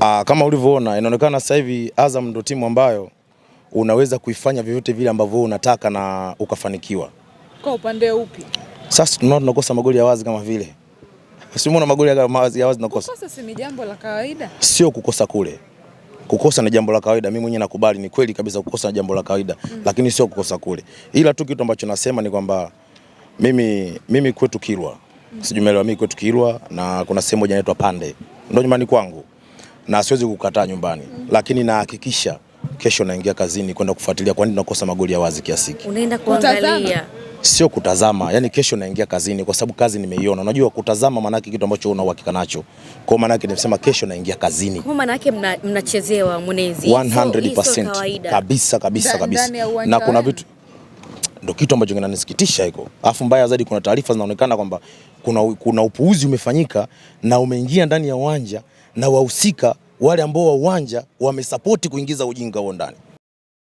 Aa, ah, kama ulivyoona inaonekana sasa hivi Azam ndio timu ambayo unaweza kuifanya vyovyote vile ambavyo unataka na ukafanikiwa. Kwa upande upi? Sasa tunaona tunakosa magoli ya wazi kama vile. Si umeona magoli ya wazi ya wazi tunakosa. Kukosa si ni jambo la kawaida. Sio kukosa kule. Kukosa ni jambo la kawaida. Mimi mwenyewe nakubali, ni kweli kabisa kukosa ni jambo la kawaida, mm. Lakini sio kukosa kule. Ila tu kitu ambacho nasema ni kwamba mimi mimi kwetu Kilwa. Mm. Sijumelewa mimi kwetu Kilwa na kuna sehemu moja inaitwa Pande. Ndio nyumbani kwangu na siwezi kukataa nyumbani, mm -hmm. lakini nahakikisha kesho naingia kazini kwenda kufuatilia kwa nini nakosa magoli ya wazi kiasi hiki. Unaenda kuangalia sio kutazama, yani kesho naingia kazini kwa sababu kazi nimeiona. Unajua kutazama maana yake kitu ambacho una uhakika nacho, kwa maana yake nimesema kesho naingia kazini, kwa maana yake mnachezewa mwenezi 100% so, kabisa kabisa kabisa, na kuna vitu ndo kitu ambacho kinanisikitisha hiko. Alafu mbaya zaidi, kuna taarifa zinaonekana kwamba kuna, kuna upuuzi umefanyika na umeingia ndani ya uwanja na wahusika wale ambao wa uwanja wamesapoti kuingiza ujinga huo ndani.